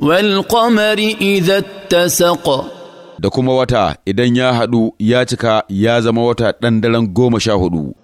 والقمر إذا اتسق da kuma wata idan ya haɗu ya cika ya zama wata ɗan daren goma sha hudu.